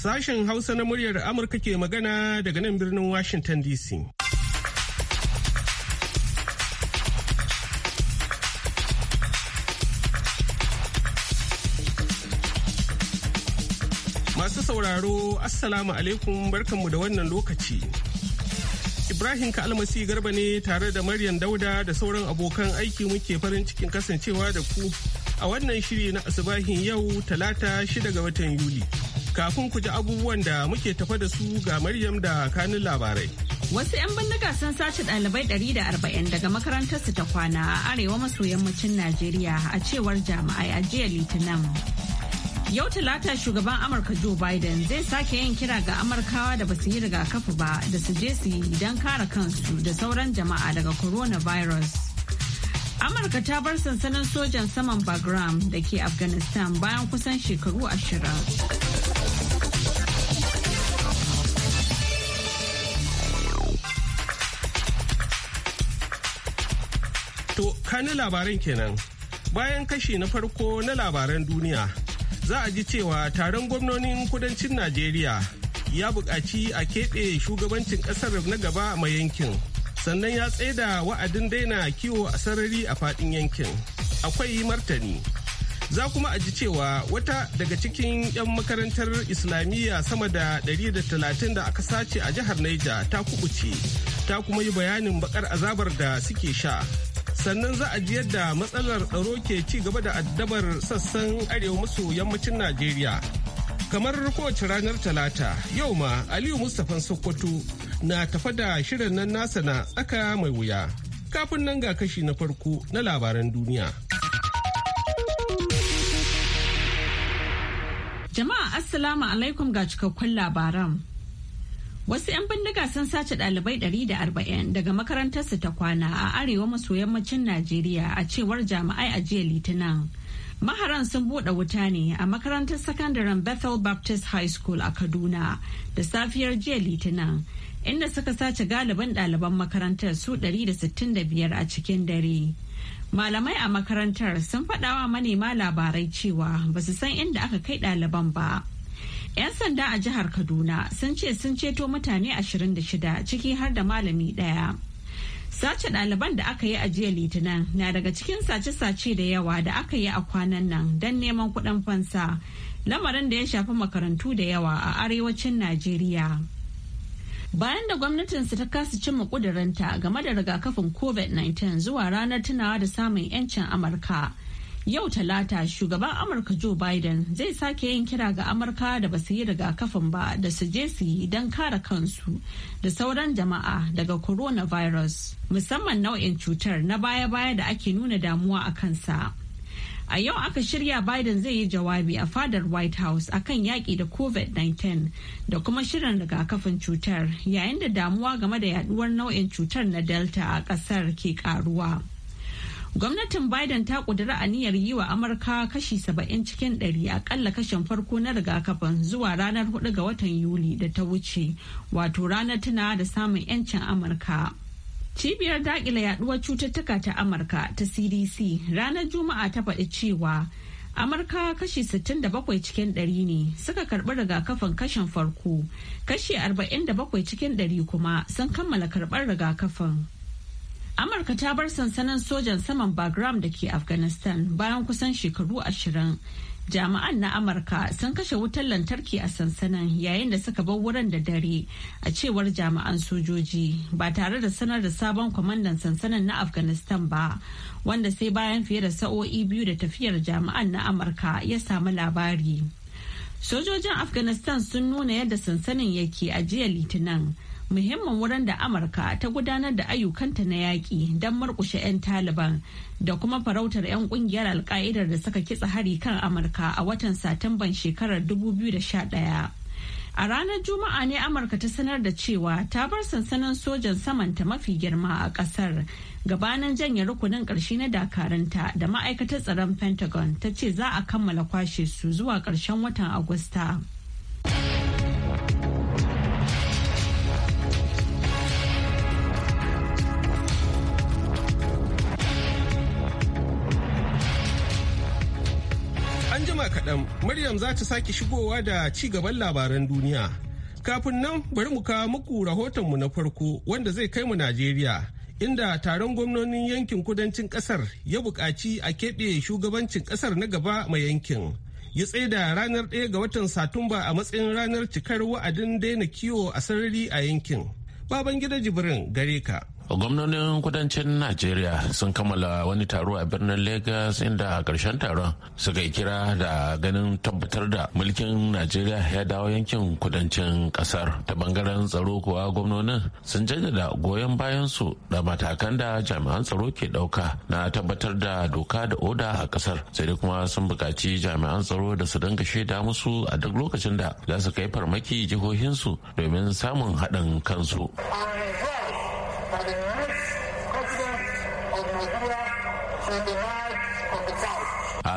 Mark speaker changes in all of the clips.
Speaker 1: Sashen Hausa na muryar Amurka ke magana daga nan birnin Washington DC. Masu sauraro, Assalamu alaikum barkanmu da wannan lokaci. Ibrahim ka'almasi Garba ne tare da Maryam Dauda da sauran abokan aiki muke farin cikin kasancewa da ku a wannan shiri na asibahin yau talata shida ga watan Yuli. Kafin ku ji abubuwan da muke tafa da su ga Maryam da kanin labarai.
Speaker 2: Wasu 'yan bindiga sun sace ɗalibai 140 daga makarantar su ta kwana a arewa maso yammacin Najeriya a cewar jami'ai a jiya Litinin. Yau Talata shugaban Amurka Joe Biden zai sake yin kira ga Amurkawa da basu yi rigakafi ba da su je su yi don kare kansu da sauran jama'a daga coronavirus. Amurka ta bar sansanin sojan saman Bagram da ke Afghanistan bayan kusan shekaru ashirin.
Speaker 1: kanin labaran kenan bayan kashi na farko na labaran duniya za a ji cewa taron gwamnonin kudancin najeriya ya buƙaci a keɓe shugabancin ƙasar na gaba mai yankin sannan ya tsaida wa'adin daina kiwo a sarari a faɗin yankin akwai martani za kuma a ji cewa wata daga cikin 'yan makarantar islamiyya sama da 130 da aka sace a jihar Niger ta kubuce ta kuma yi bayanin bakar azabar da suke sha sannan za a ji yadda matsalar tsaro ke ci gaba da addabar sassan arewa maso yammacin najeriya kamar kowace ranar talata yau ma aliyu mustapha sokoto na tafa da shirin nan nasa na tsaka mai wuya kafin nan ga kashi na farko na labaran duniya
Speaker 2: jama'a assalamu alaikum ga cikakkun labaran Wasu 'yan bindiga sun sace ɗalibai 140 daga makarantar su ta kwana a arewa maso yammacin Najeriya a cewar jami'ai a jiya Litinin. Maharan sun buɗe wuta ne a makarantar sakandaren Bethel Baptist High School a Kaduna da safiyar jiya Litinin, inda suka sace galibin ɗaliban makarantar su 165 a cikin dare. Malamai a makarantar sun faɗawa manema labarai cewa ba su san inda aka kai ɗaliban ba. 'Yan sanda a jihar Kaduna sun ce sun ceto mutane 26 ciki har da malami ɗaya. Sace ɗaliban da aka yi a jiya Litinin na daga cikin sace-sace da yawa da aka yi a kwanan nan don neman kuɗin fansa, lamarin da ya shafi makarantu da yawa a arewacin Najeriya. Bayan da gwamnatinsu ta kasa cimma ƙudurinta game da rigakafin COVID-19 zuwa ranar tunawa da samun 'yancin Amurka. Yau Talata shugaban Amurka Joe Biden zai sake yin kira ga Amurka da ba su yi rigakafin ba da su je su yi don kare kansu da sauran jama'a daga coronavirus musamman nau'in cutar na baya-baya da ake nuna damuwa a kansa. A yau aka shirya Biden zai yi jawabi a fadar White House akan yaƙi da COVID-19 da kuma shirin rigakafin cutar yayin da damuwa game da yaduwar nau'in cutar na Delta a ƙasar ke ƙaruwa. Gwamnatin Biden ta a aniyar yi wa Amurka kashi 70 cikin 100 akalla kashin farko na rigakafin zuwa ranar 4 ga watan Yuli da ta wuce, wato ranar tuna da samun 'yancin Amurka. Cibiyar dakile yaduwar cututtuka ta Amurka ta CDC ranar Juma'a ta faɗi cewa Amurka kashi 67 cikin 100 ne suka karɓi rigakafin kashin farko, kashi 47 cikin 100 kuma sun kammala karɓar rigakafin. Amurka ta bar sansanin sojan saman Bagram da ke Afghanistan bayan kusan shekaru ashirin. Jama'an na Amurka sun kashe wutar lantarki a sansanin yayin da suka bar wurin da dare a cewar jama'an sojoji ba tare da sanar da sabon kwamandan sansanin na Afghanistan ba wanda sai bayan fiye da sa'o'i biyu da tafiyar jama'an na Amurka ya samu labari. Sojojin Afghanistan sun nuna yadda sansanin yake a jiya Litinin. muhimmin wurin da amurka ta gudanar da ayyukanta na yaƙi don murƙushe 'yan taliban da kuma farautar 'yan ƙungiyar alka'idar da suka kitsa hari kan amurka a watan satumban shekarar 2011 a ranar juma'a ne amurka ta sanar da cewa ta bar sansanin sojan samanta mafi girma a kasar gabanin janye rukunin karshe na dakarunta da ma'aikatar tsaron pentagon ta ce za a kammala kwashe su zuwa ƙarshen watan agusta.
Speaker 1: kaɗan Maryam za ta sake shigowa da ci gaban labaran duniya. Kafin nan bari mu kawo muku rahotonmu na farko wanda zai kai mu Najeriya inda taron gwamnonin yankin kudancin ƙasar ya buƙaci a keɓe shugabancin ƙasar na gaba mai yankin. Ya da ranar ɗaya ga watan Satumba a matsayin ranar cikar wa'adin daina kiwo a sarari a yankin. Baban gida Jibrin
Speaker 3: gare ka. gwamnonin kudancin najeriya sun kammala wani taro a birnin lagos inda a ƙarshen taron suka yi kira da ganin tabbatar da mulkin najeriya ya dawo yankin kudancin ƙasar ta bangaren tsaro kuwa gwamnonin sun jaddada goyon bayan su da matakan da jami'an tsaro ke ɗauka na tabbatar da doka da oda a ƙasar sai dai kuma sun buƙaci jami'an tsaro da su dinga shaida musu a duk lokacin da za su kai farmaki jihohinsu domin samun haɗin kansu.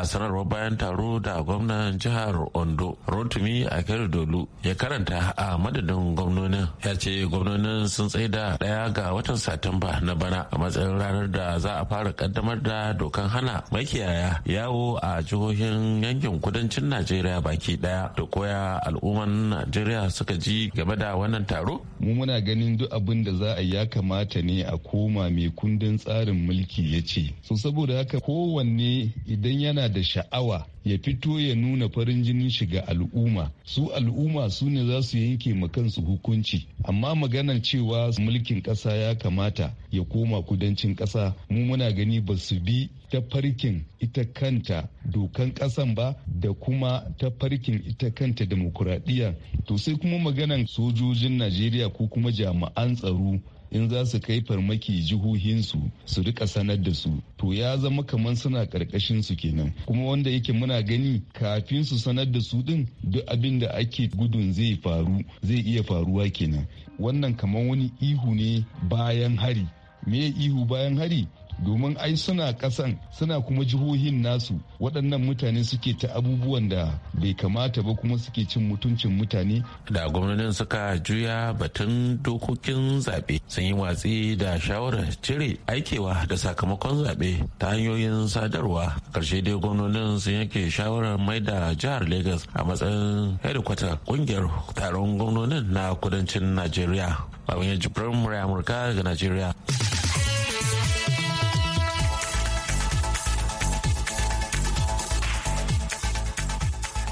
Speaker 3: a sanarwar bayan taro da gwamnan jihar ondo rotumi a dolu ya karanta a madadin gwamnonin ya ce gwamnonin sun tsaida daya ga watan satumba na bana a matsayin ranar da za a fara kaddamar da dokan hana makiyaya yawo a jihohin yankin kudancin najeriya baki daya da koya al'umman najeriya suka ji game da wannan taro
Speaker 4: mu muna ganin duk abin da za a ya kamata ne a koma mai kundin tsarin mulki ya ce so saboda haka kowanne idan yana da sha'awa ya fito ya nuna farin jinin shiga al'umma su al'umma su ne za su yanke ma kansu hukunci amma maganar cewa mulkin ƙasa ya kamata ya koma kudancin ƙasa mu muna gani ba su bi ta farkin ita kanta dokan ƙasan ba da kuma ta farkin ita kanta demokuraɗiyya to sai kuma maganar sojojin najeriya ko kuma jami'an tsaro in za su kai farmaki jihohinsu su rika sanar da su to ya zama kamar suna karkashin su kenan kuma wanda yake muna gani kafin su sanar da su din duk abin da ake gudun zai faru zai iya faruwa kenan wannan kamar wani ihu ne bayan hari me ihu bayan hari domin ai suna kasan suna kuma jihohin nasu waɗannan mutane suke ta abubuwan da bai kamata ba kuma suke cin mutuncin mutane
Speaker 3: da gwamnatin suka juya batun dokokin zaɓe sun yi watsi da shawarar cire aikewa da sakamakon zaɓe ta hanyoyin sadarwa karshe dai gwamnatin sun yanke shawarar mai da jihar lagos a matsayin hedikwata ƙungiyar taron gwamnonin na kudancin najeriya babban ya amurka daga najeriya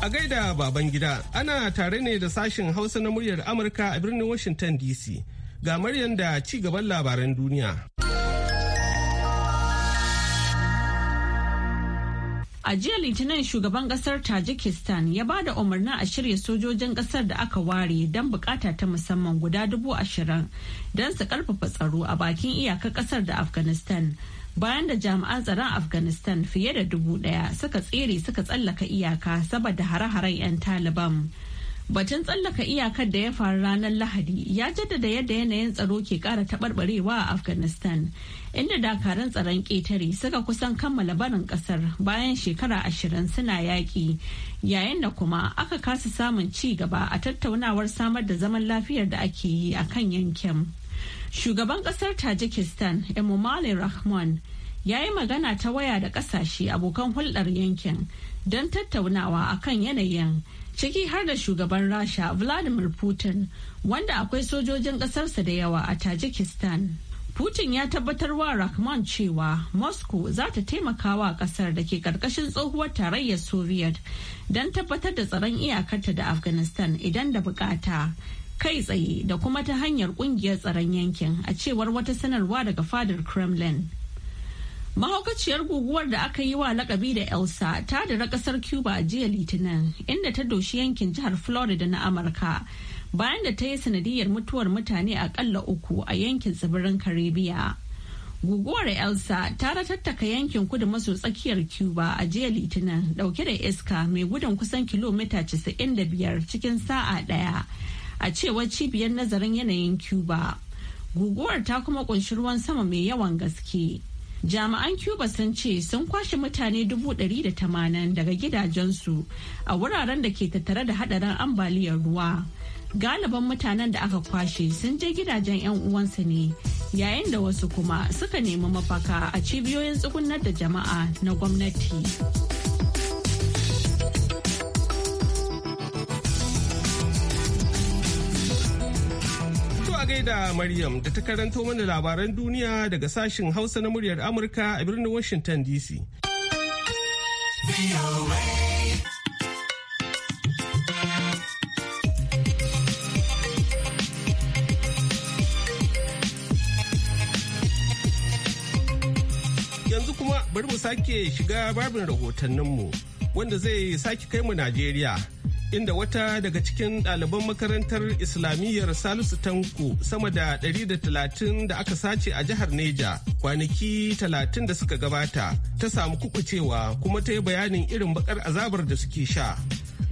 Speaker 3: A
Speaker 1: gaida baban gida ana tare ne da sashen Hausa na muryar Amurka a birnin Washington DC. Ga Maryam da ci gaban labaran duniya.
Speaker 2: A jiya Litinin shugaban kasar Tajikistan ya ba da umarnin a shirya sojojin kasar da aka ware don bukata ta musamman guda dubu ashirin don su karfafa tsaro a bakin iyakar kasar da Afghanistan. bayan da jami'an tsaron afghanistan fiye da dubu daya suka tsere suka tsallaka iyaka saboda hare-haren 'yan taliban batun tsallaka iyakar da ya faru ranar lahadi ya jaddada yadda yanayin tsaro ke kara taɓarɓarewa a afghanistan inda dakarun tsaron ƙetare suka kusan kammala barin ƙasar bayan shekara ashirin suna yaƙi yayin da kuma aka kasa samun ci gaba a tattaunawar samar da zaman lafiyar da ake yi a kan yankin Shugaban kasar Tajikistan Emomali Rahman ya yi magana ta waya da kasashe abokan hulɗar yankin don tattaunawa akan yanayin ciki har da shugaban Rasha Vladimir Putin wanda akwai sojojin ƙasarsa da yawa a Tajikistan. Putin ya tabbatar wa Rahman cewa Moscow za ta taimaka wa kasar da ke karkashin tsohuwar tarayyar Soviet don tabbatar da tsaron iyakarta da Afghanistan idan da bukata kai tsaye da kuma ta hanyar kungiyar tsaron yankin a cewar wata sanarwa daga fadar kremlin mahaukaciyar guguwar da aka yi wa lakabi da elsa ta dira kasar cuba a jiya litinin inda ta doshi yankin jihar florida na amurka bayan da ta yi sanadiyar mutuwar mutane akalla uku a yankin tsibirin karibiya guguwar elsa ta ratattaka yankin kudu maso tsakiyar cuba a jiya litinin dauke da iska mai gudun kusan kilomita 95 cikin sa'a daya a cewar cibiyar nazarin yanayin cuba guguwar ta kuma kunshi ruwan sama mai yawan gaske jami'an cuba sun ce sun kwashe mutane dubu daga gidajensu a wuraren da ke tattare da hadarin ambaliyar ruwa galiban mutanen da aka kwashe sun je gidajen 'yan uwansu ne yayin da wasu kuma suka nemi mafaka a cibiyoyin tsugunar da jama'a na gwamnati.
Speaker 1: da Maryam da ta karanto mana labaran duniya daga sashen Hausa na muryar Amurka a birnin Washington DC. Yanzu kuma bari mu sake shiga babin rahotanninmu wanda zai sake kai mu Najeriya. inda wata daga cikin ɗaliban makarantar islamiyyar salisu tanko sama da 130 da aka sace a jihar neja kwanaki 30 da suka gabata ta samu kukucewa kuma ta yi bayanin irin bakar azabar da suke sha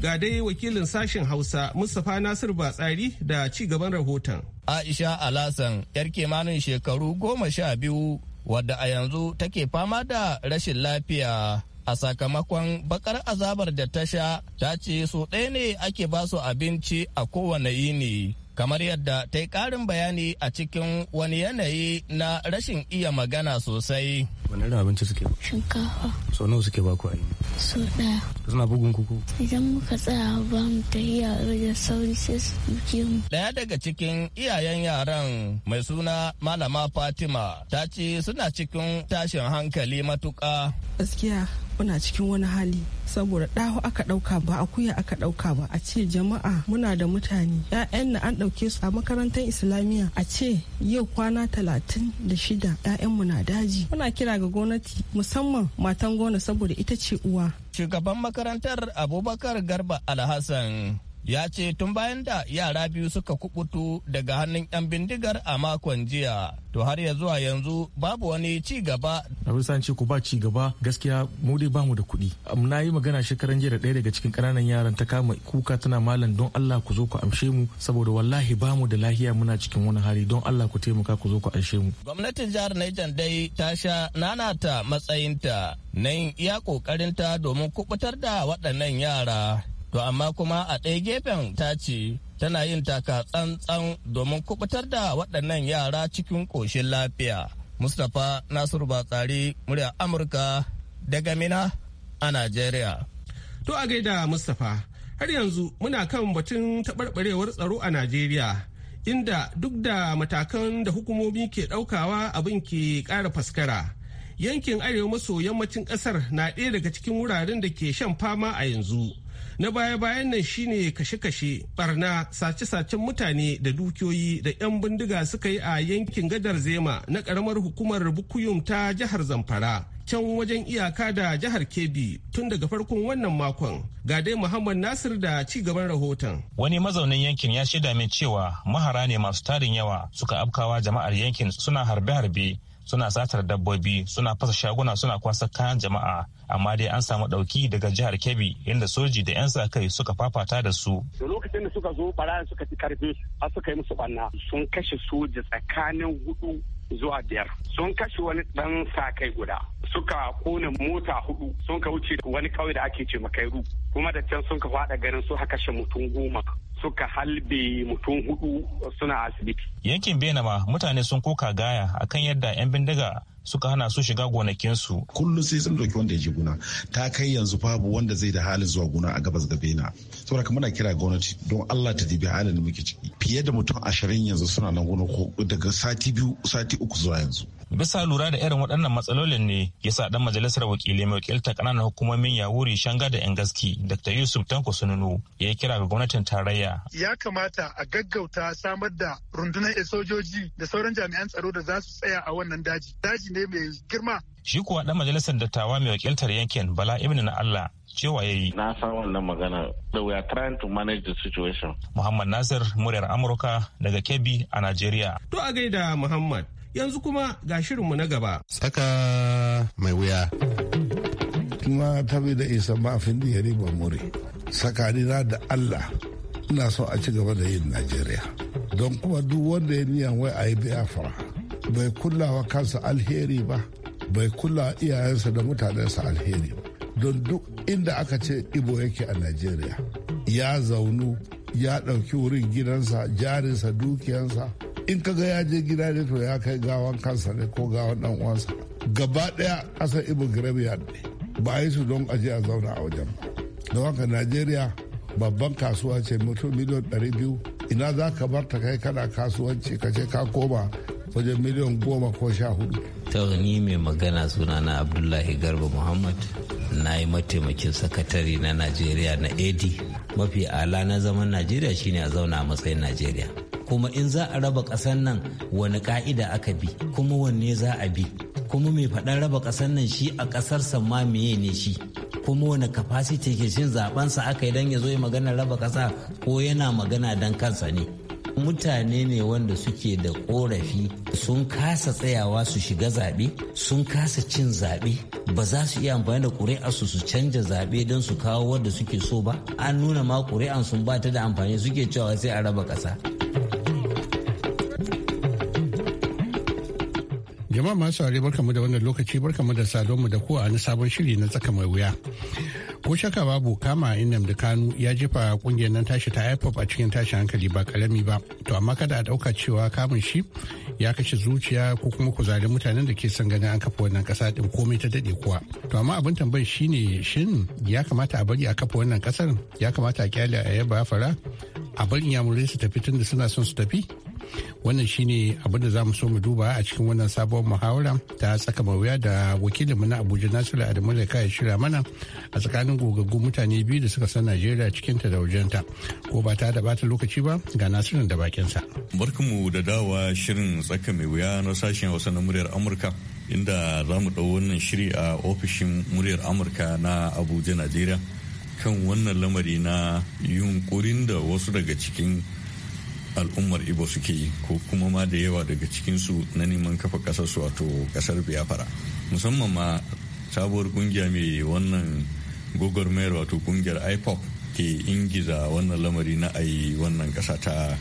Speaker 1: ga dai wakilin sashen hausa mustapha nasir batsari da ci gaban rahoton aisha alasan
Speaker 5: yar kimanin shekaru goma sha biyu wadda a yanzu take fama da rashin lafiya a sakamakon bakar azabar da ta sha ta ce so ɗaya ne ake ba su abinci a kowane yini kamar yadda ta yi ƙarin bayani a cikin wani yanayi na rashin iya magana sosai. Wani irin abinci suke ba?
Speaker 2: Shinkafa.
Speaker 5: So nawa suke ba ku a
Speaker 2: so daya.
Speaker 5: Suna bugun kuku.
Speaker 2: Idan muka tsaya ba mu ta iya sauri sai su duke mu.
Speaker 5: Daya daga cikin iyayen yaran mai suna Malama Fatima ta ce suna cikin tashin hankali matuƙa.
Speaker 2: Gaskiya muna cikin wani hali saboda ɗahu aka ɗauka ba a kuya aka ɗauka ba a ce jama'a muna da mutane yayan na an ɗauke su a makarantar islamiyya a ce yau kwana talatin da shida yayan mu na daji muna kira ga gwamnati musamman matan gona saboda ita ce uwa
Speaker 5: shugaban makarantar abubakar garba alhassan ya ce tun bayan da yara biyu suka kubutu daga hannun 'yan bindigar a makon jiya to har ya zuwa yanzu babu wani ci gaba
Speaker 6: na ce ku ba ci gaba gaskiya mu dai bamu da kuɗi na yi magana shekaran jiya da ɗaya daga cikin ƙananan yaran ta kama kuka tana malam don Allah ku zo ku amshe mu saboda wallahi bamu da lahiya muna cikin wani hali don Allah ku taimaka ku zo ku amshe mu
Speaker 5: gwamnatin jihar Niger dai ta sha nana nanata matsayinta nan iya ƙoƙarinta domin kubutar da waɗannan yara To amma kuma a ɗaya gefen ta ce tana yin taka tsantsan domin kubutar da waɗannan yara cikin ƙoshin lafiya. Mustapha Nasiru Batsari murya Amurka daga Mina
Speaker 1: a Najeriya. To a gaida Mustapha har yanzu muna kan batun taɓarɓarewar tsaro a Najeriya inda duk da matakan da hukumomi ke ɗaukawa abin ke ƙara faskara. Yankin arewa maso yammacin ƙasar na ɗaya daga cikin wuraren da ke shan fama a yanzu. na baya-bayan nan shine kashe-kashe barna sace-sacen mutane da dukiyoyi da 'yan bindiga suka yi a yankin gadar zema na karamar hukumar bukuyum ta jihar zamfara can wajen iyaka da jihar kebbi tun daga farkon wannan makon ga dai muhammad nasir da ci gaban rahoton
Speaker 6: wani mazaunin yankin ya shaida min cewa mahara ne masu tarin yawa suka afkawa jama'ar yankin suna harbe-harbe suna satar dabbobi suna fasa shaguna suna kwasa kayan jama'a amma dai an samu dauki daga jihar kebbi inda soji da 'yan sa kai suka fafata da su
Speaker 1: da lokacin da suka zo barayan suka ci karfi a suka yi musu banna sun kashe soja tsakanin hudu zuwa biyar sun kashe wani dan sa kai guda suka kona mota hudu sun ka wuce wani kauye da ake ce makairu kuma da can sun ka fada ganin su haka kashe mutum goma suka halbe mutum hudu suna asibiti.
Speaker 6: Yankin Benama mutane sun koka gaya akan yadda 'yan bindiga suka hana su shiga gonakinsu. Kullum sai
Speaker 1: sun doki wanda ya je gona ta kai yanzu babu wanda zai da halin zuwa gona a gabas ga bena. Saboda kamar muna kira gwamnati don Allah ta dibi halin da muke ciki. Fiye da mutum ashirin yanzu suna nan gona daga
Speaker 6: sati biyu sati uku zuwa yanzu. bisa lura da irin waɗannan matsalolin ne ya sa ɗan majalisar wakilai mai wakiltar ƙananan hukumomin yawuri shanga da yan gaski dr yusuf tanko sununu ya yi kira ga gwamnatin tarayya
Speaker 4: ya kamata a gaggauta samar da rundunar sojoji da sauran jami'an tsaro da za su tsaya a wannan daji daji ne mai girma
Speaker 6: shi kuwa ɗan majalisar dattawa mai wakiltar yankin bala ibn na allah cewa ya yi. Na san wannan magana da we are trying to manage the situation. Muhammad Nasir muryar Amurka daga Kebbi a Najeriya. To a
Speaker 1: gaida Muhammad. Yanzu kuma ga shirinmu na gaba.
Speaker 4: Saka mai wuya. Tuma bi da isa mafin diyari ba more. Sakanina da Allah ina so a ci gaba da yin Najeriya. Don kuma duk wanda ya niyan wai a yi biyafara bai kullawa kansa alheri ba, bai kulla iyayensa da mutanensa alheri ba. Don duk inda aka ce Ibo yake a Najeriya ya zaunu ya ɗauki wurin gidansa jarinsa dukiyansa in kaga ya je gida ne to ya kai gawan kansa ne ko gawan dan uwansa gaba daya kasar ibu graveyard ne ba a yi su don aje a zauna a wajen don haka najeriya babban kasuwa ce mutum miliyan 200 ina za ka bar ta kai kana kasuwanci ka ce ka koma wajen miliyan goma ko sha hudu
Speaker 7: ta ni mai magana suna na abdullahi garba muhammad na yi mataimakin sakatare na najeriya na edi mafi ala na zaman najeriya shine a zauna a matsayin najeriya kuma in za a raba ƙasar nan wani ka'ida aka bi kuma wanne za a bi kuma mai faɗan raba ƙasar nan shi a kasar ma meye ne shi kuma wani capacity ke shin zabensa aka yi don ya zo magana raba ƙasa ko yana magana don kansa ne mutane ne wanda suke da korafi sun kasa tsayawa su shiga zaɓe sun kasa cin zaɓe ba za su iya amfani da ƙuri'arsu su canja zaɓe don su kawo wadda suke so ba an nuna ma ƙuri'an sun ba ta da amfani suke cewa sai a raba ƙasa
Speaker 8: Jama'a masu saurare barkamu da wannan lokaci barkamu da sadonmu da kowa na sabon shiri na tsaka mai wuya. Ko shaka babu kama inam da kanu ya jefa kungiyar nan tashi ta IPOP a cikin tashin hankali ba karami ba. To amma kada a dauka cewa kamun shi ya kashe zuciya ko kuma kuzarin mutanen da ke son gani an kafa wannan kasa din komai ta dade kuwa. To amma abin tambayar shine shin ya kamata a bari a kafa wannan kasar ya kamata a kyale a yaba fara a bari yamurai su tafi tunda suna son su tafi wannan shine abin da za mu so mu duba a cikin wannan sabon muhawara ta tsaka mawuya da wakilinmu na abuja nasiru adamu da kai shirya mana a tsakanin gogaggu mutane biyu da suka san najeriya cikin ta da wajenta ko ba ta da bata lokaci ba ga nasirin da bakin bakinsa
Speaker 9: barkanmu da dawa shirin tsaka mai wuya na sashen hausa na muryar amurka inda za mu ɗau wannan shiri a ofishin muryar amurka na abuja najeriya kan wannan lamari na yunkurin da wasu daga cikin al'ummar ibo suke yi ko kuma ma da yawa daga cikinsu na neman kafa kasarsu wato kasar biafra musamman ma sabuwar kungiya mai wannan mayar wato kungiyar ipop ke ingiza wannan lamari na ayi wannan kasa ta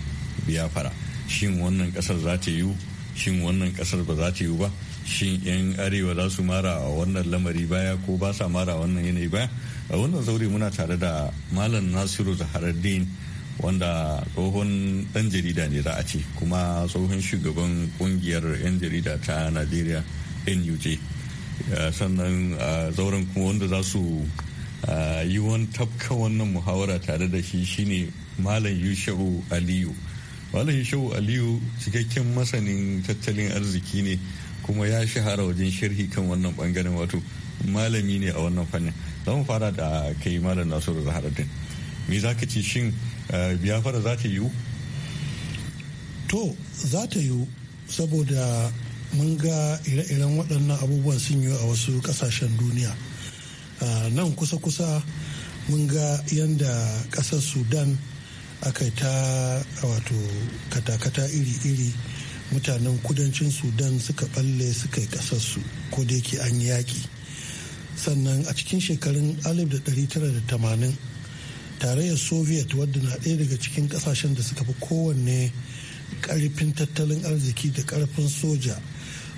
Speaker 9: biafra shin wannan kasar za ta yiwu shin wannan kasar ba za ta yiwu ba shin 'yan arewa za su mara wannan lamari baya ko ba sa mara wannan yanayi baya a wannan zaure muna tare da malam nasiru zaharaddin wanda tsohon dan jarida ne za a ce kuma tsohon shugaban kungiyar 'yan jarida ta najeriya nuj eh, sannan eh, zauren kuma wanda za su eh, yi wani tafka wannan muhawara tare da shi shine malam yushau aliyu malam yushau aliyu cikakken masanin tattalin arziki ne kuma ya shahara wajen sharhi kan wannan bangaren wato malami ne a wannan fannin za fara da kai malam nasiru zaharuddin me za ka ce shin Eh, biyafara za ta yiwu
Speaker 10: to za ta yiwu saboda mun ga ire-iren waɗannan abubuwan sun yiwu a wasu ƙasashen duniya eh, nan kusa-kusa mun ga yadda ƙasar sudan aka ta wato katakata iri-iri mutanen kudancin sudan suka balle suka yi ƙasarsu ko da yake an yaƙi sannan a cikin shekarun 1980 tarayyar soviet wadda na ɗaya daga cikin ƙasashen da suka fi kowanne ƙarfin tattalin arziki da ƙarfin soja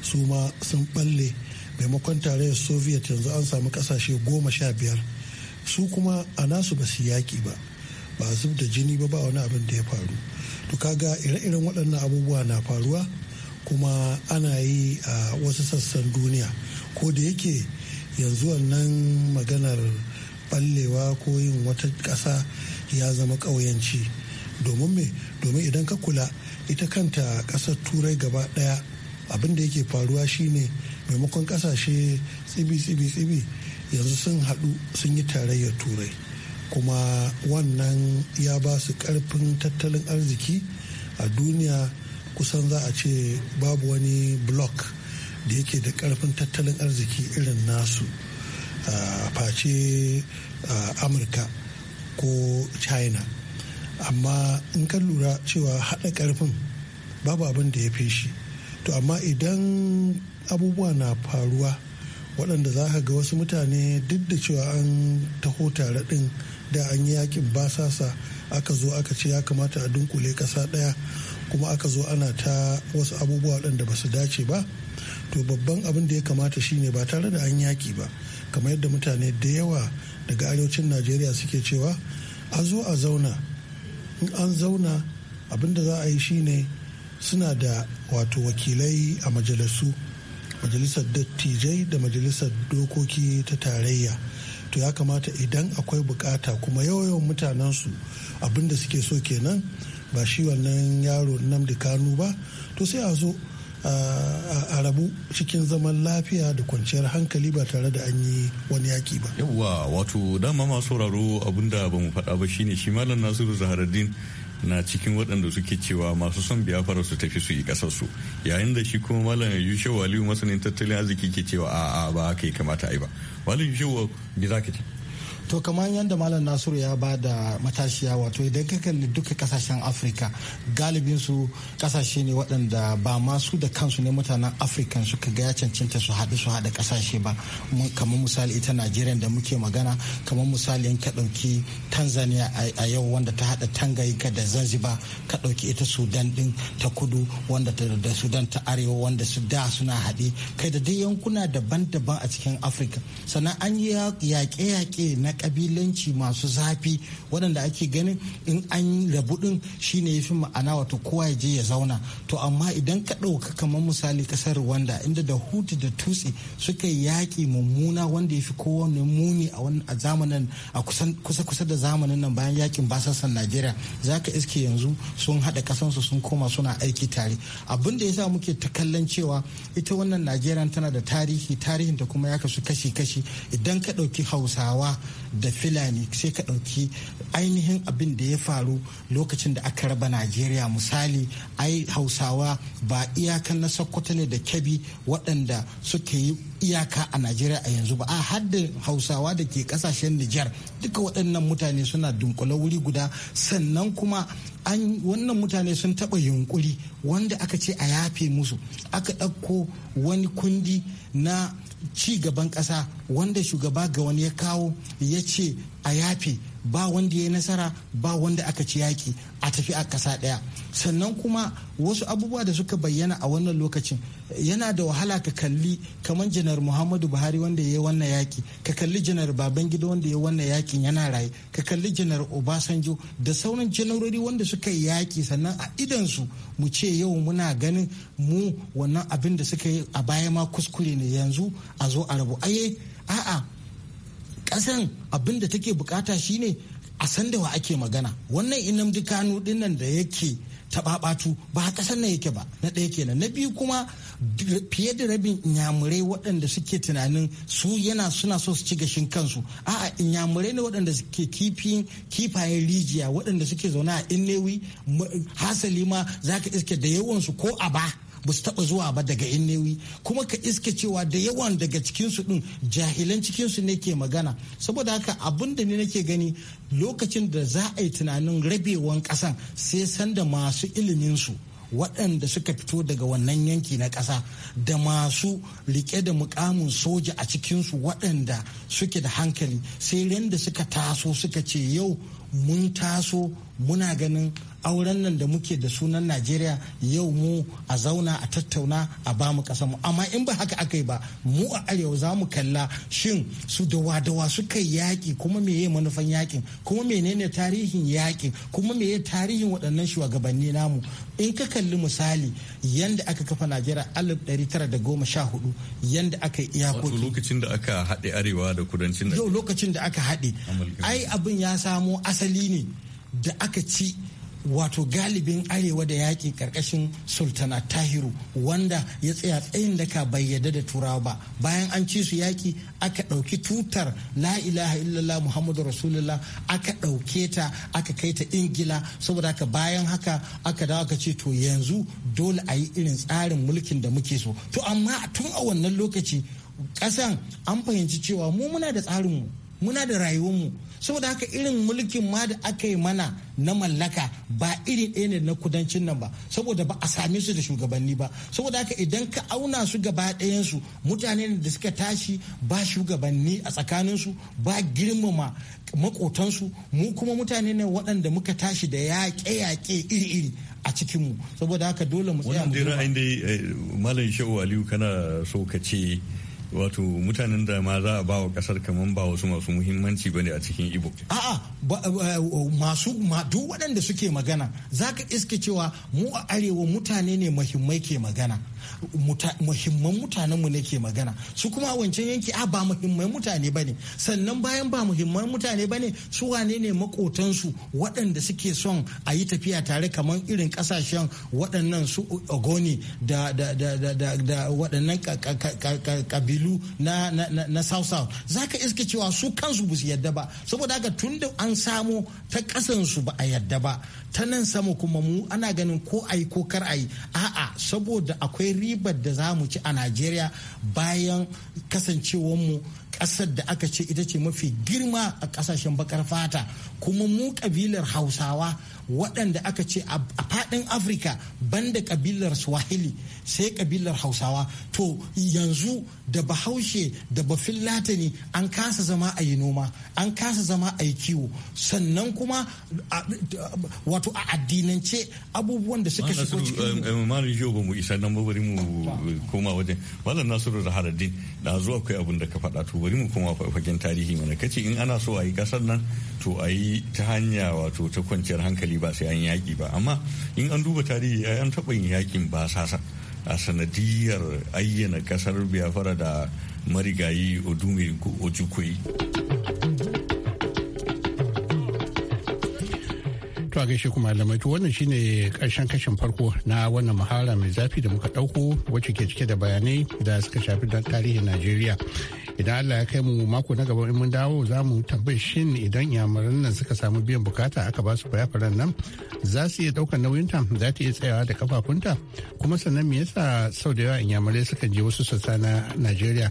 Speaker 10: su ma sun balle maimakon tarayyar soviet yanzu an samu ƙasashe goma sha biyar su kuma a nasu ba su yaƙi ba ba a zub da jini ba ba wani abin da ya faru to kaga ire-iren waɗannan abubuwa na faruwa kuma ana yi a wasu sassan duniya ko da yake yanzu wannan maganar ɓallewa ko yin wata ƙasa ya zama ƙauyanci domin me domin idan ka kula ita kanta ƙasar turai gaba ɗaya abin da yake faruwa shine maimakon ƙasashe tsibi-tsibi-tsibi yanzu sun haɗu sun yi tarayyar turai kuma wannan ya ba su ƙarfin tattalin arziki a duniya kusan za a ce babu wani block da yake da ƙarfin tattalin arziki irin nasu. face amurka ko china amma in ka lura cewa haɗa karfin babu abin da ya fi shi to amma idan abubuwa na faruwa waɗanda za ka ga wasu mutane duk da cewa an taho tare ɗin da an yi yakin basasa aka zo aka ce ya kamata a dunkule ƙasa ɗaya kuma aka zo ana ta wasu abubuwa waɗanda ba su dace ba to babban abin da ya kamata shine ba tare da an yaki ba kamar yadda mutane da yawa daga arewacin najeriya suke cewa a zo a zauna in an zauna abin da za a yi shine suna da wato wakilai a majalisu majalisar dattijai da majalisar dokoki ta tarayya to ya kamata idan akwai bukata kuma yawan mutanensu abinda suke so kenan ba shi wannan yaro namdi kanu ba to sai a zo a rabu cikin zaman lafiya da kwanciyar hankali ba tare da an yi wani yaki ba.
Speaker 9: Yawwa wato dama masu sauraro abinda ba mu faɗa ba shine shi malam Nasiru Zaharaddin na cikin waɗanda suke cewa masu son biyafara su tafi su yi ƙasarsu yayin da shi kuma malam Yushe Waliyu masanin tattalin arziki ke cewa a'a ba haka ya kamata a yi ba. Malam Yusuf za
Speaker 7: to kamar yadda malam nasiru ya ba da matashiya wato idan ka kalli duka kasashen afirka galibin su kasashe ne waɗanda ba masu da kansu ne mutanen afirka suka ga ya cancanta su haɗu su haɗa kasashe ba kamar misali ita najeriya da muke magana kamar misali in ka ɗauki tanzania a yau wanda ta haɗa tangayika da zanzibar ka ɗauki ita sudan ɗin ta kudu wanda ta da sudan ta arewa wanda su da suna haɗe kai da duk yankuna daban-daban a cikin afirka sannan an yi yaƙe-yaƙe na kabilanci masu zafi waɗanda ake ganin in an rabu ɗin shine ya fi ma'ana wato kowa ya je ya zauna to amma idan ka ɗauka kamar misali ƙasar rwanda inda da hutu da tutsi suka yi yaƙi mummuna wanda ya fi kowane muni a zamanin a kusa-kusa da zamanin nan bayan yakin basasan najeriya za ka iske yanzu sun haɗa ƙasansu sun koma suna aiki tare abin da ya sa muke ta kallon cewa ita wannan najeriya tana da tarihi tarihin da kuma ya kasu kashi-kashi idan ka ɗauki hausawa da filani sai ka ɗauki ainihin abin da ya faru lokacin da aka raba najeriya misali ai hausawa ba iyakan na sokoto ne da kebi waɗanda suka yi iyaka a najeriya a yanzu ba a hadda hausawa da ke kasashen nijar duka waɗannan mutane suna dunkule wuri guda sannan kuma an wannan mutane sun taɓa yunkuri wanda aka ce a yafe musu aka ɗauko wani kundi na ci gaban ƙasa wanda shugaba ga wani ya kawo ya ce a yafe ba wanda ya yi nasara ba wanda aka ci yaƙi a tafi a ƙasa ɗaya sannan kuma wasu abubuwa da suka bayyana a wannan lokacin yana da wahala ka kalli kamar janar muhammadu buhari wanda ya yi wannan yaki ka kalli janar babangida wanda ya yi wannan yakin yana raye ka kalli janar obasanjo da sauran janarori wanda suka yi yaƙi sannan a idansu mu ce yau muna ganin mu wannan abin da suka yi a baya ma kuskure ne yanzu a zo a rabu aye a'a ƙasan abin da take bukata shine a san da wa ake magana wannan inamdi kanu dinnan da yake taɓaɓatu ba a ƙasar nan yake ba na ɗaya kenan na biyu kuma fiye da rabin inyamurai waɗanda suke tunanin su yana suna so su ci gashin kansu a'a inyamurai ne waɗanda suke kifin kifayen rijiya waɗanda suke zaune a innewi hasali ma zaka iske da yawansu ko a ba ba su taba zuwa ba daga inewi kuma ka iske cewa da yawan daga cikinsu din jahilan cikinsu ne ke magana saboda haka abin da ni nake gani lokacin da za a yi tunanin rabewan kasan sai sanda masu ilimin su waɗanda suka fito daga wannan yanki na ƙasa da masu riƙe da mukamin soja a cikinsu waɗanda suke da hankali sai da suka taso suka ce yau mun taso muna ganin auren nan da muke da sunan najeriya yau mu a zauna a tattauna a ba mu mu amma in ba haka aka yi ba mu a arewa za mu kalla shin su dawa dawa suka yaƙi kuma me ya manufan yaƙin kuma menene tarihin yaƙin kuma meye tarihin waɗannan shugabanni namu in ka kalli misali yanda aka kafa najeriya alif ɗari tara da goma sha hudu yanda aka yi iyakoki
Speaker 9: lokacin da aka haɗe arewa da kudancin yau
Speaker 7: lokacin da aka haɗe ai abin ya samo asali ne da aka ci wato galibin arewa da yaƙi ƙarƙashin sultana tahiru wanda ya tsaya tsayin daka bai yadda da turawa ba bayan an ci su yaƙi aka ɗauki tutar la ilaha illallah muhammadu rasulullah aka ɗauke ta aka kai ta ingila saboda haka bayan haka aka dawo aka ce to yanzu dole a yi irin tsarin mulkin da muke so to amma tun a wannan lokaci ƙasan an fahimci cewa mu muna da tsarinmu muna da rayuwarmu saboda haka irin mulkin ma da aka yi mana na mallaka ba iri ɗaya ne na kudancin nan ba saboda ba a same su da shugabanni ba saboda haka idan ka auna su gaba ɗayansu mutane da suka tashi ba shugabanni a tsakaninsu ba girmama makotansu mu kuma mutane ne waɗanda muka tashi da yaƙe-yaƙe iri-iri a cikinmu saboda haka dole mu tsaya mu wannan ra'ayin
Speaker 9: dai eh, malam shehu aliyu kana so ka ce wato mutanen da ma za a ba wa kasar kamar ba wasu masu muhimmanci ba ne a cikin ibo
Speaker 7: a'a masu duk waɗanda suke magana za ka iske cewa mu a arewa mutane ne muhimmai ke magana muhimman mutanenmu nake magana su kuma a wancan yanki a ba muhimman mutane ba ne sannan bayan ba muhimman mutane ba ne su wane ne makotansu waɗanda suke son a yi tafiya tare kamar irin ƙasashen waɗannan su ogoni da waɗannan ƙabilu na south south za ka iska cewa su kansu ba su yadda ba saboda haka tun da an samo ta ƙasansu ba a yadda ba ta nan sama kuma mu ana ganin ko ai ko kar ai a'a saboda akwai ribar da za mu ci a najeriya bayan kasancewar mu ƙasar da aka ce ita ce mafi girma a ƙasashen bakar fata kuma mu kabilar hausawa waɗanda aka ce a faɗin afirka banda kabilar swahili sai kabilar hausawa to yanzu da bahaushe da bafin latani an kasa zama a yi noma an kasa zama a yi kiwo sannan kuma wato a addinance abubuwan da suka shigo cikin
Speaker 9: eh, eh, malam yau ba mu isa nan ba bari mu koma wajen malam nasiru da haradin da zuwa kai abin da ka faɗa to bari mu koma fagen tarihi mana kace in ana so a yi kasar nan to a yi ta hanya wato ta kwanciyar hankali ba sai an yaƙi ba amma in an duba tarihi an taɓa yin yaƙin ba sasa a sanadiyar ayyana ƙasar biafra da marigayi odume ojukwe
Speaker 8: to a gaishe kuma malamai to wannan shine karshen kashin farko na wannan muhara mai zafi da muka dauko wacce ke cike da bayanai da suka shafi don tarihin najeriya idan allah ya kai mu mako na gaban in mun dawo za mu tambayi shin idan yamarin nan suka samu biyan bukata aka ba su fayafaran nan za su iya nauyin nauyinta za ta iya tsayawa da kafafunta kuma sannan me yasa sau da yawa yamarai sukan je wasu sassa na najeriya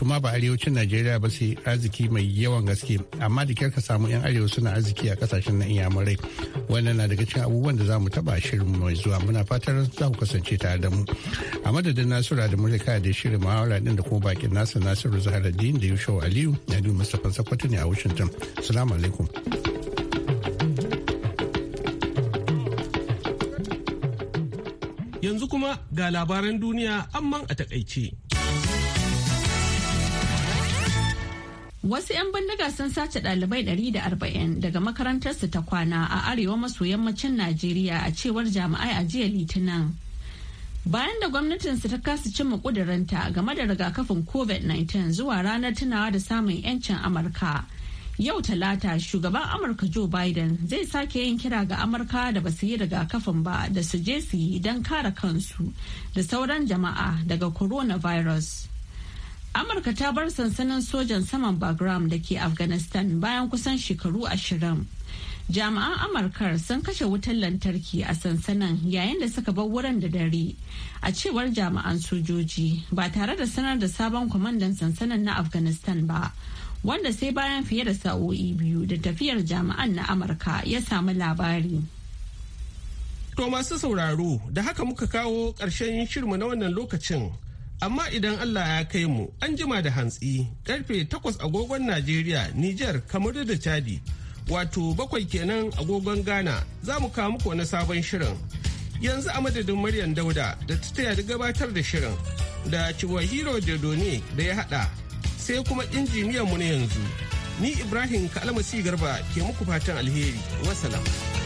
Speaker 8: wato ma ba arewacin najeriya ba su arziki mai yawan gaske amma da kyar ka samu yan arewa suna arziki a kasashen na iyamurai wannan na daga cikin abubuwan da za mu taba shirin mai zuwa muna fatar za ku kasance tare da mu a madadin nasura da murika da shirin muhawara din da kuma bakin nasa nasiru zaharaddin da yushau aliyu na du mustapha sakwato ne a washington salamu alaikum
Speaker 1: yanzu kuma ga labaran duniya amman a takaice.
Speaker 2: Wasu 'yan bindiga sun sace ɗalibai 140 daga makarantarsu ta kwana a arewa maso yammacin Najeriya a cewar jami'ai a jiya Litinin. Bayan da gwamnatin su ta kasa cimma ƙudurinta game da rigakafin COVID-19 zuwa ranar tunawa da samun 'yancin Amurka. Yau Talata shugaban Amurka Joe Biden zai sake yin kira ga Amurka da ba su yi rigakafin ba da su je su yi don kare kansu da sauran jama'a daga coronavirus. amurka ta bar sansanin sojan saman bagram da ke afghanistan bayan kusan shekaru ashirin jami'an amurkar sun kashe wutar lantarki a sansanin yayin da suka bar wurin da dare a cewar jami'an sojoji ba tare da sanar da sabon kwamandan sansanin na afghanistan ba wanda sai bayan fiye da sa'o'i biyu da tafiyar jami'an na amurka ya samu labari
Speaker 1: to masu sauraro da haka muka kawo ƙarshen shirmu na wannan lokacin amma idan Allah ya kai mu an jima da hantsi karfe 8 agogon Najeriya, Nijar, kamar da Chadi. Wato bakwai kenan agogon Ghana za mu kawo muku wani sabon shirin. Yanzu a madadin Maryam Dauda da ta taya da gabatar da shirin da Ciwahiro hero da da ya hada sai kuma injiniyan mu na yanzu. Ni Ibrahim Kalmasi Garba ke muku fatan alheri. Wasalam.